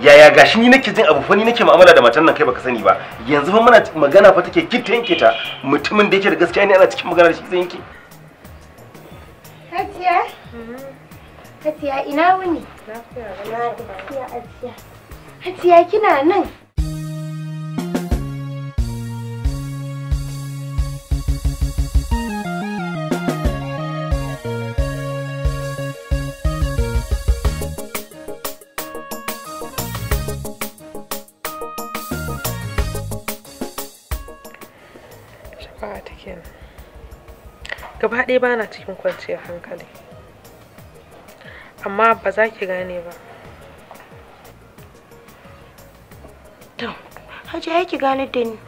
yaya gashi ni nake jin abu fa ni nake mu'amala da matan nan kai baka sani ba yanzu fa muna magana fa take kitta yanke ta mutumin da yake da gaskiya ne ana cikin magana da shi zai yanke Katiya Katiya ina wuni Katiya kina nan kenan gaba ɗaya ba na cikin kwanciyar hankali amma ba za ki gane ba to ya ki gane da ni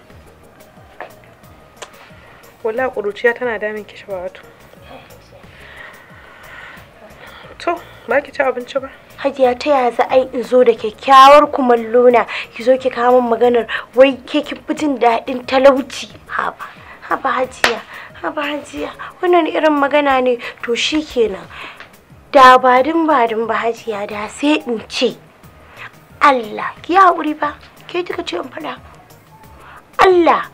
wala ƙuruciya tana damin ki shawatu to ba ki ci abinci ba hajiya ta yaya za a yi in zo da kyakkyawar kumallo na ki zo ki kawo min maganar wai ke kin fitin daɗin talauci haba. haba hajiya haba hajiya wannan irin magana ne to shi kenan da badin badin ba hajiya da sai in ce Allah ki haƙuri ba ke kika ce in faɗa Allah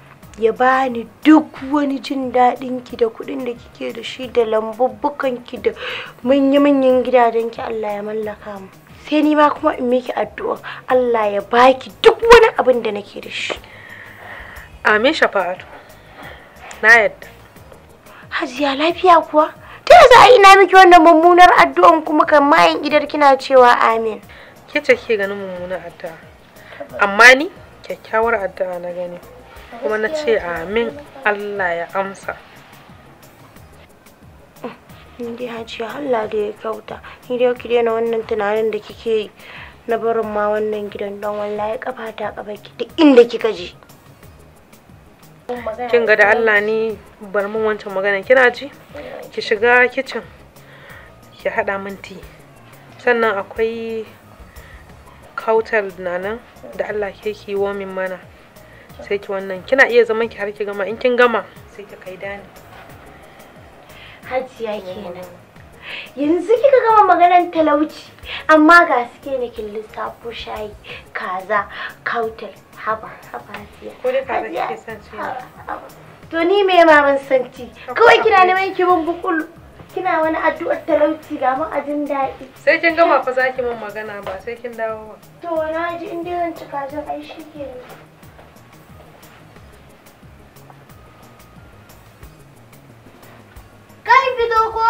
ya bani duk wani jin daɗin ki da kuɗin da kike da shi da lambubbukan ki da manya-manyan gidajen ki Allah ya mallaka mu sai ni ma kuma in miki addu'a Allah ya baki duk wani abin da nake da shi amin shafa'atu na yadda hajiya lafiya kuwa ta za a ina miki wannan mummunar addu'an kuma kan mayan idar kina cewa amin ke ta ke ganin mummunar addu'a amma ni kyakkyawar addu'a na gani kuma na ce amin Allah ya amsa ni dai Allah da ya kyauta ni dai ki daina wannan tunanin da kike yi na barin ma wannan gidan don wallahi kafa ta kaba ki duk inda kika je kin ga da Allah ni bar mun wancan magana kina ji ki shiga kicin ki hada min ti sannan akwai kautar na nan da Allah ke ki min mana sai ki wannan kina iya zaman ki har ki gama in kin gama sai ki kai dani hajiya kenan yanzu kika gama maganar talauci amma ga suke ne kin lissafo shayi kaza kautar haba haba ko dai kaza kike son ci to ni me ma ban san kawai kina neman ki bin bukul kina wani addu'ar talauci ga mu ajin daɗi sai kin gama fa zaki min magana ba sai kin dawo ba to na ji in dai zan ci kajin ai shikenan kai fito ko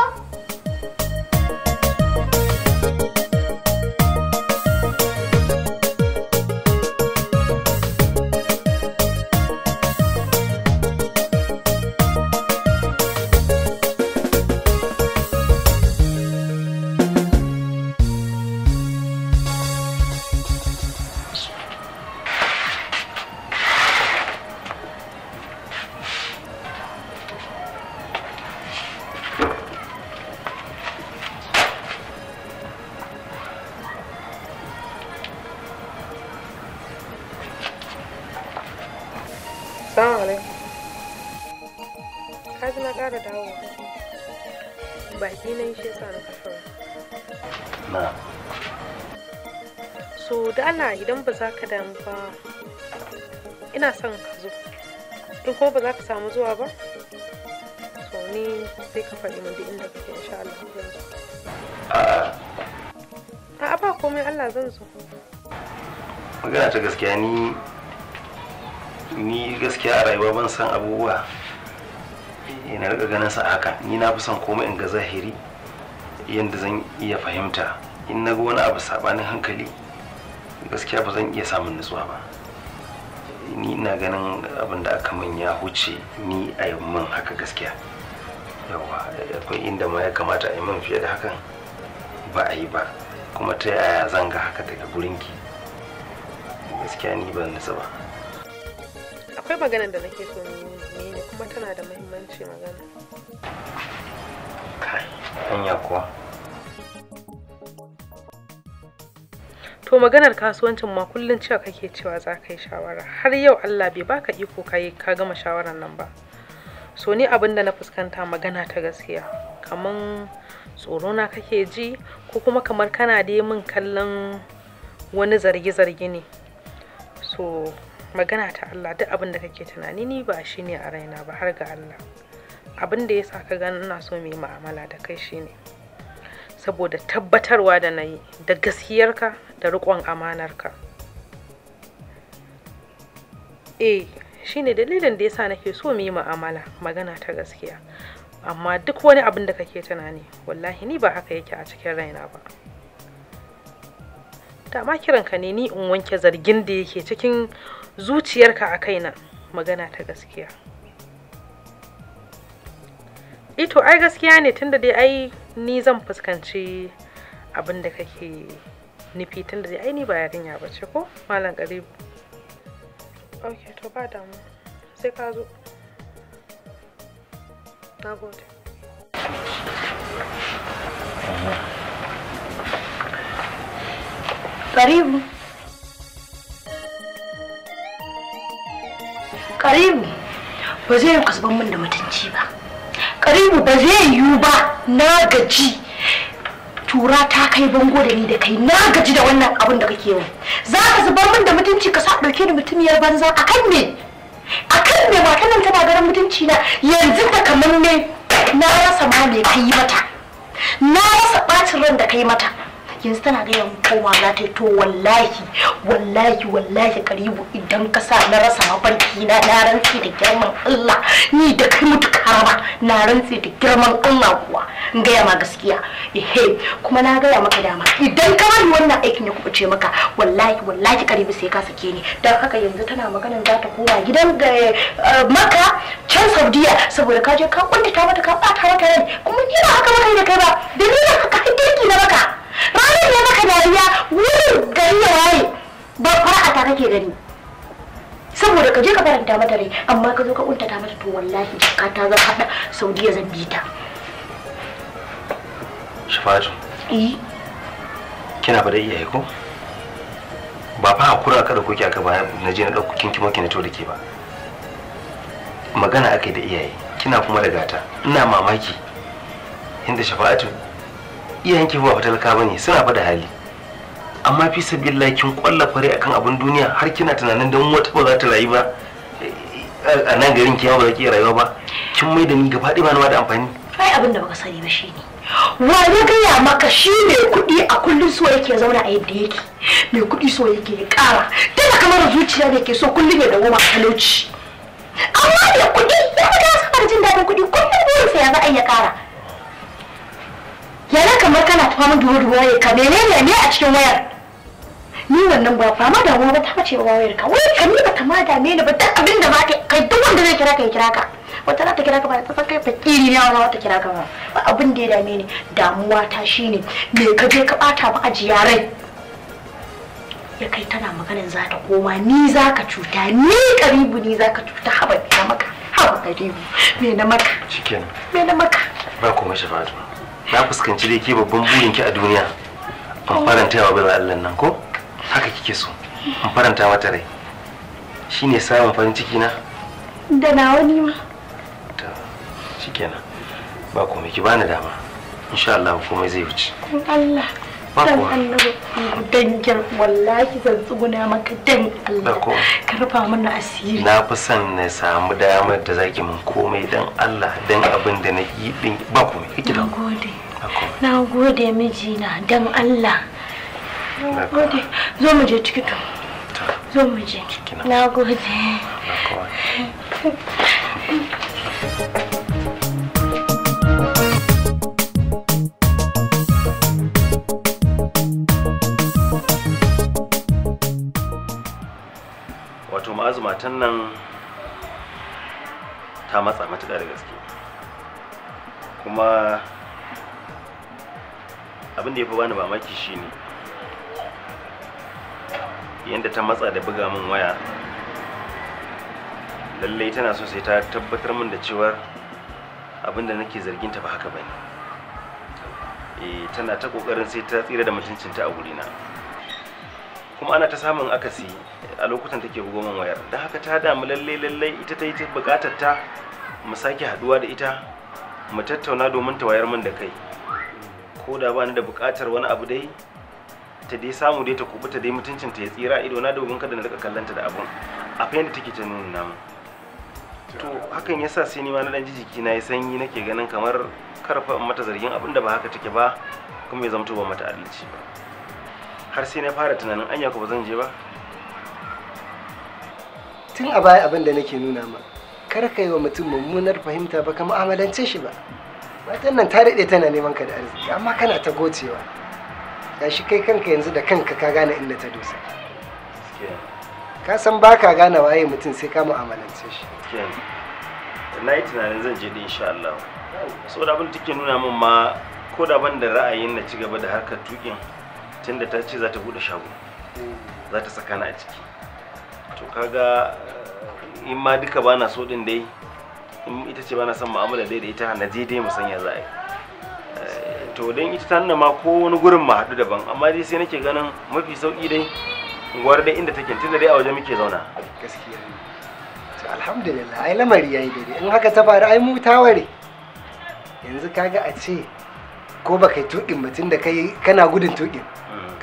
ba za ka damu ba ina son ka zo in kuma ba za ka samu zuwa ba so ni sai ka faɗi mu duk inda kake insha Allah zan zo ta ba komai Allah zan zo magana ta gaskiya ni ni gaskiya a rayuwa ban san abubuwa ina eh, riga ganin sa haka ni na fi son komai in ga zahiri yadda zan iya fahimta in na ga wani abu sabanin hankali gaskiya ba zan iya samun nutsuwa ba ni ina ganin abin da aka min ya huce ni a yi min haka gaskiya yawa akwai inda ma ya kamata a yi min fiye da hakan ba a yi ba kuma ta yaya zan ga haka daga gurinki gaskiya ni ba nutsu ba akwai maganar da nake so ni ne kuma tana da muhimmanci magana kai hanya kuwa to maganar kasuwancin ma kullum cewa kake cewa za ka yi shawara har yau allah bai baka iko ka yi ka gama shawaran nan ba so ni abin da na fuskanta magana ta gaskiya kaman tsoro na kake ji ko kuma kamar kana da min kallon wani zargi zargi ne so magana ta allah duk abin da kake tunani ni ba shi ne a raina ba har ga allah abin da ya sa ka gani ina so mai ma'amala da kai shine ne saboda tabbatarwa da na yi da gaskiyarka da riƙon amanarka e shine dalilin da yasa nake so mu yi mu'amala magana ta gaskiya amma duk wani abin da kake tunani wallahi ni ba haka yake a cikin raina ba Ta ma kiranka ne ni in wanke zargin da yake cikin zuciyarka a kaina magana ta gaskiya ito eh ai gaskiya ne tunda dai ai ni zan fuskanci abin da kake nufi tun da ai ni ba yarinya ba ce ko malam karibu ok to ba damu sai ka zo na gode karibu karibu ba zai yi kasuban min da mutunci ba karibu ba zai yiwu ba na gaji tura ta kai bango da ni da kai na gaji da wannan abin da kake yi za ka zubar min da mutunci ka sa dauke ni mutumiyar banza akan me akan me ba nan tana garin mutunci na yanzu ta kamar ne na rasa ma me kai mata na rasa bacin ran da kai mata yanzu tana ga yan koma za ta yi to wallahi wallahi wallahi karibu idan ka sa na rasa mafarki na na rantse da girman Allah ni da kai mutu ba na rantse da girman Allah kuwa in gaya ma gaskiya ehe kuma na gaya maka dama idan ka bari wannan aikin ya ce maka wallahi wallahi karibu sai ka sake ni dan haka yanzu tana maganin za ta koma gidan eh, eh, maka can Saudiya saboda ka je ka kwanta mata ka bata mata rai kuma ni ba haka maka da kai ba dalilin haka hakki na maka ranar da maka dariya wurin gari ya waye ba fara ta kake gani saboda ka je ka faranta mata rai amma ka zo ka ta mata to wallahi ka ta zan hada saudiya zan bi ta shafatu eh kina ba da iyaye ko ba fa hakura ka da kuke aka baya na je na dauko kinki maki na to da ke ba magana akai da iyaye kina kuma da gata ina mamaki inda shafa'atu iyayen ki ba talaka bane suna fa da hali amma fi sabilillah kin kwalla fare akan abin duniya har kina tunanin dan wata ba za ta rayu ba a nan garin ki ba za ki rayuwa ba kin mai da ni gaba ɗaya ba da amfani ai abin da baka sani ba ne wani gaya maka shi ne kuɗi a kullum so yake zauna a yadda yake mai kuɗi so yake ya ƙara tana kamar zuciya da ke so kullum ya dawo ma talauci amma kudi kuɗi ya faman duwa duwa ya ka menene ne a cikin wayar ni wannan ba fama da wani ba ta wa wayar ka wayar ka ni ba kama da ne ni ba duk abin da ba ka kai duk wanda zai kira ka ya kira ka wata za ta kira ka ba ta san kai fakiri ne wani wata kira ka ba ba abin da ya dame ni damuwa ta shine me ka je ka bata ba a jiyarai ya kai tana maganin za ta koma ni za ka cuta ni karibu ni za ka cuta haba na maka haba karibu me na maka shikenan me na maka ba kuma shi fatima na fuskanci dai ke babban burin ki a duniya ban faranta wa bin Allah nan ko haka kike so in faranta mata rai shine samun farin ciki na da nawa ni ma to shikenan ba komai ki bani dama insha Allah komai zai wuce Allah dan wallahi zan tsuguna maka dan Allah ka rufa mana asiri na fi son na samu damar da zaki min komai dan Allah dan abin da din ba komai dan Allah zo mu je ciki to zo mu je Thank you. azumatan matan nan ta matsa matuƙa da gaske kuma abin da ya fi bani mamaki shine yadda ta matsa da buga min waya lallai tana so sai ta tabbatar min da cewa abin da nake zargin ta ba haka bane eh tana ta ƙoƙarin sai ta tsira da mutuncinta a gurina. na kuma ana ta samun akasi a lokutan take goman wayar da haka ta damu lallai lallai ita ta yi ta bukatar ta mu sake haduwa da ita mu tattauna domin ta wayar min da kai ko da ba ni da bukatar wani abu dai ta dai samu dai ta kubuta dai mutuncin ta ya tsira ido na domin kada na rika kallanta da abun a fa yadda take ta nuna namu to hakan yasa sai ni ma na dan jiki na yi sanyi nake ganin kamar karfa mata zargin abin da ba haka take ba kuma ya zamto ba mata adalci ba har sai na fara tunanin anya ku ba zan je ba tun a baya abin da nake nuna ma kar ka yi wa mutum mummunar fahimta ba ka mu'amalance shi ba matan nan ta daɗe tana neman ka da arziki amma kana ta gocewa ga shi kai kanka yanzu da kanka ka gane inda ta dosa ka san ba ka gane waye mutum sai ka mu'amalance shi na yi tunanin zan je din insha Allah saboda abin da take nuna min ma ko da ban da ra'ayin na ci gaba da harkar tukin tunda ta ce za ta bude shago za ta saka ni a ciki to kaga eh, in ma duka ba na so din dai in ita ce ba na son mu'amala dai da ita na je dai mu sanya za a yi eh, to dan ita ta nuna ma ko wani gurin ma haɗu daban amma dai sai nake ganin mafi sauki dai gwar dai inda take tunda dai a waje muke zauna gaskiya to alhamdulillah ai lamari yayi dai in haka ta faru ai mu ware yanzu kaga a ce ko baka yi tuƙin ba tunda kai kana gudun tuƙin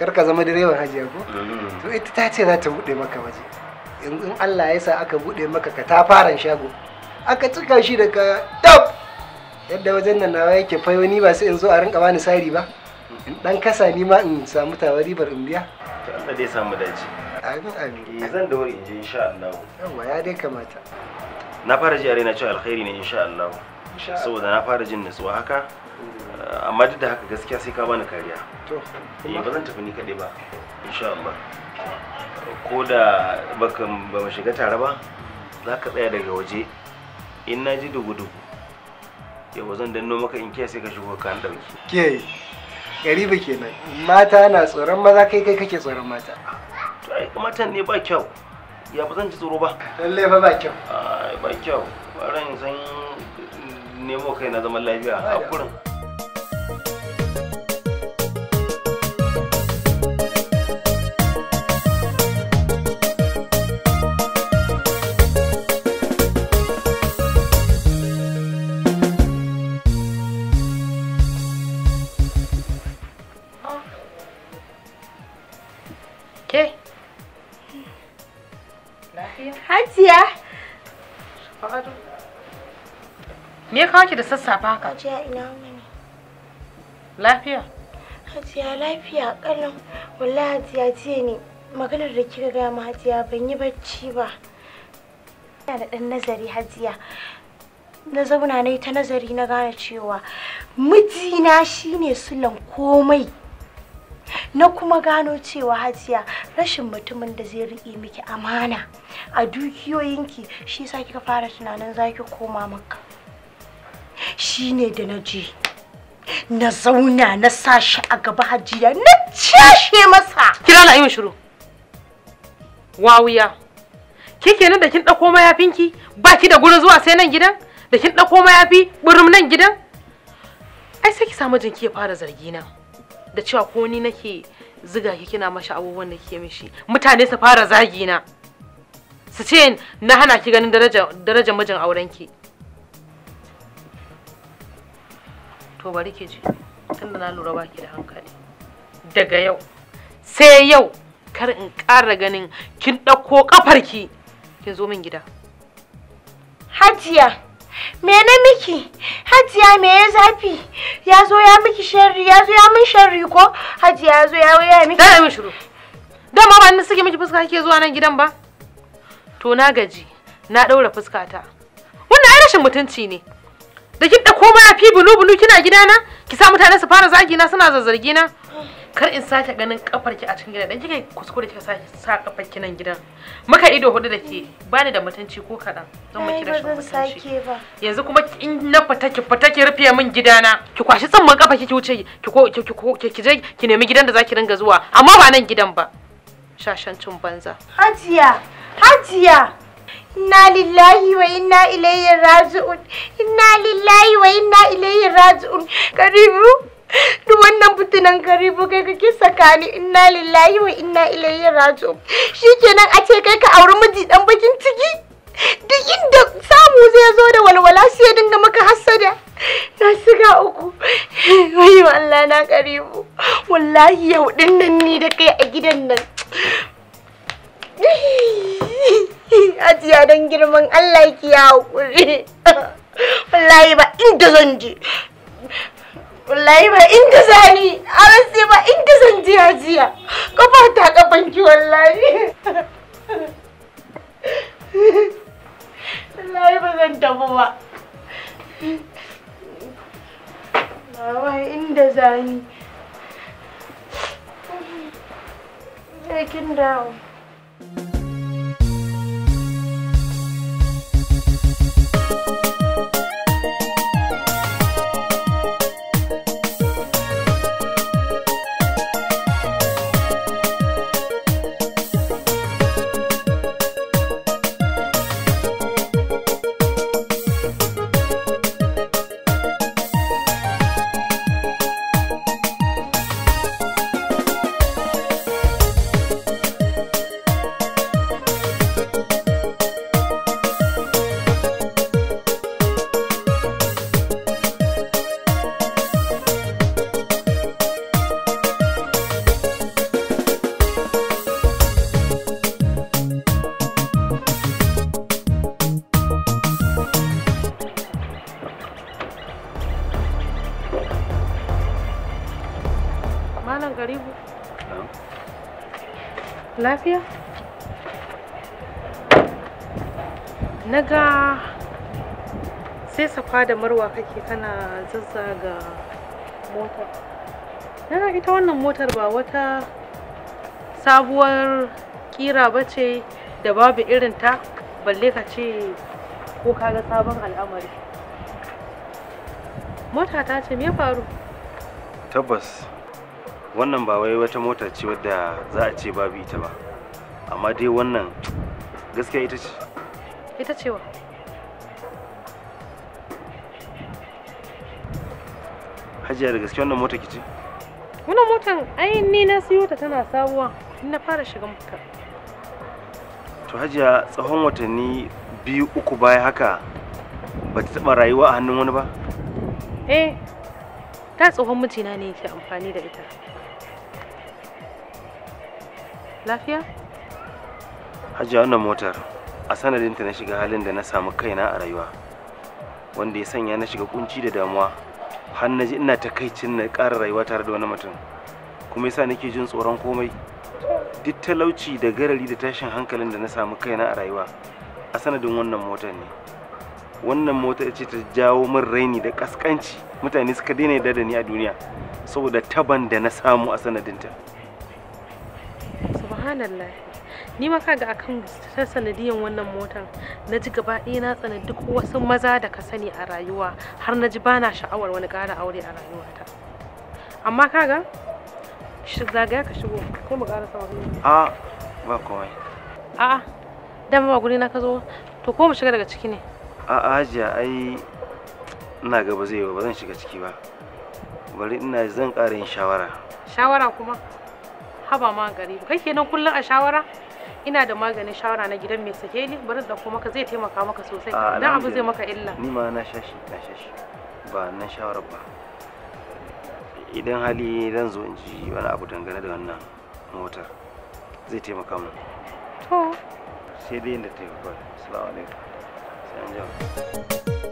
kar ka zama direban hajiya ko mm. to ita ta ce za ta buɗe maka waje in Allah ya sa aka buɗe maka ka ta fara shago aka cika shi da ka tab yadda wajen nan nawa yake fayo ni ba sai in zo a rinka bani sari ba in dan kasa ni ma in samu tawa ribar in biya to Allah dai samu dace amin amin eh, zan daure in je insha Allah yawa ya dai kamata na fara ji a cewa alkhairi ne insha Allah saboda na fara jin nutsuwa haka amma duk da haka gaskiya sai ka bani kariya to eh, ba zan tafi ni kaɗai ba insha Allah ko da baka ba mu shiga tare ba za ka tsaya daga waje in na ji dugu-dugu yau zan danno maka in kiya sai ka shigo ka ɗauki ke ba kenan mata na tsoron maza kai kai kake tsoron mata to ai matan ne ba kyau ya ba zan ji tsoro ba lalle ba ba kyau ba kyau ran san nemo kai na zaman lafiya a kurin Hajiya. Me ya kawo ki da sassafe haka? Hajiya ina wani. Lafiya? Hajiya lafiya Wallahi Hajiya jiya ne maganar da kika gaya ma Hajiya ban yi barci ba. Ina da ɗan nazari Hajiya. Na zauna na yi ta nazari na gane cewa mijina shine sulan komai. na kuma gano cewa hajiya rashin mutumin da zai riƙe miki amana a dukiyoyinki shi sa kika fara tunanin zaki koma maka Shi ne da na je na zauna na sa shi a gaba hajiya na cashe masa kira na yi shiru wawuya ke kenan da kin ɗauko mayafinki ba ki da gurin zuwa sai nan gidan da kin ɗauko mayafi burum nan gidan ai sai ki samu jinki ya fara zargi na da cewa ko ni nake ziga ki kina mashi abubuwan da ke mishi mutane su fara zagi na su ce na hana ki ganin darajar mijin auren ki to bari ke ji tunda na lura baki da hankali daga yau sai yau kar in ƙara ganin kin ɗauko ƙafarki kin zo min gida hajiya Mene miki hajiya me ya zafi ya zo ya miki sharri ya zo ya min sharri ko hajiya ya zo ya ya miki dai mun shiru dan ma ban suke miki fuska kike zuwa nan gidan ba to na gaji na daura fuska ta wannan ai rashin mutunci ne da kin da komai a fi bunu bunu kina gidana ki sa mutane su fara zagi na suna zazzargi na kar in sake ganin kafar ki a cikin gidan dan kike kuskure kika sake sa kafar ki nan gidan muka ido hudu da ke bani da mutunci ko kadan don miki sake mutunci yanzu kuma in na fita ki fita ki rufe min gidana ki kwashi tsamman kafa ki wuce ki ko ki ki je ki nemi gidan da zaki dinga zuwa amma ba nan gidan ba shashancin banza hajiya hajiya inna lillahi wa inna ilayhi raji'un inna lillahi wa inna ilayhi raji'un karibu duk wannan butunan gari ba kai kake sakani inna lillahi wa inna ilaihi raji'un shikenan a ce kai ka auri miji dan bakin ciki duk inda samu zai zo da walwala sai ya dinga maka hasada. na siga uku Wai Allah na karibu wallahi yau din nan ni da kai a gidan nan ajiya dan girman Allah ki ya hakuri wallahi ba inda zan je wallahi ba inda zani an na ga sai safa da marwa kake kana zazzaga motar na ga ita wannan motar ba wata sabuwar kira ba ce da babu irin ta balle ka ce ko kaga sabon al'amari mota ta ce me faru tabbas wannan ba wai wata mota ce wadda za a ce babu ita ba amma dai wannan gaskiya ita ce ita ce wa hajiya da gaske wannan mota kici wannan motan ai ni na siyo ta tana sabuwa na fara shiga muka to hajiya tsawon watanni biyu uku baya haka ba ta taba rayuwa a hannun wani ba eh ta tsohon mijina ne yake amfani da ita lafiya hajiya wannan motar a sanadinta na shiga halin da na samu kaina a rayuwa wanda ya sanya na shiga kunci da damuwa har na ji ina takaicin na ƙara rayuwa tare da wani mutum kuma yasa nake jin tsoron komai duk talauci da garari da tashin hankalin da na samu kaina a rayuwa a sanadin wannan motar ne wannan mota ce ta jawo min raini da kaskanci mutane suka daina yarda da ni a duniya saboda taban da na samu a sanadinta subhanallah ni ma kaga akan ta sanadiyan wannan motar, na ji gaba ɗaya na tsana duk wasu maza da ka sani a rayuwa har na ji bana sha'awar wani ƙara aure a rayuwata amma kaga zagaya ka shigo ko mu ƙara sama a ba komai a'a dama ba guri na ka zo to ko mu shiga daga ciki ne a'a hajiya ai ina ga ba zai ba zan shiga ciki ba bari ina zan ƙara yin shawara shawara kuma haba ma gari kai kenan kullum a shawara ina da maganin shawara na gidan mai saheli bari da ka zai taimaka maka sosai dan abu zai maka illa ni ma na shashi na shashi ba na shawara ba idan hali zan zo in ji wani abu dangane da wannan motar zai taimaka min to sai dai inda taimaka assalamu alaikum sai an jawo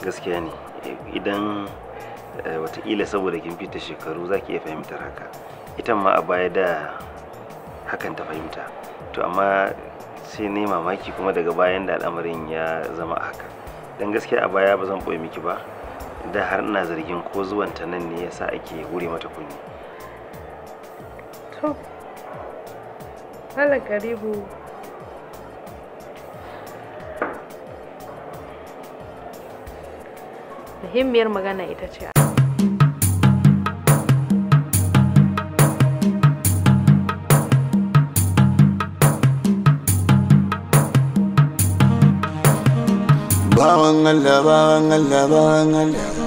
gaskiya ne idan eh, watakila saboda kin fita shekaru za ki iya fahimtar haka ita ma a baya da hakan ta fahimta to amma sai ne mamaki kuma daga bayan da al'amarin ya zama haka dan gaskiya a baya ba zan boye miki ba da har ina zargin ko zuwan ta nan ne yasa ake hure mata kunni to Allah karibu muhimmiyar magana ita ce Bawan Allah, bawan Allah, bawan Allah.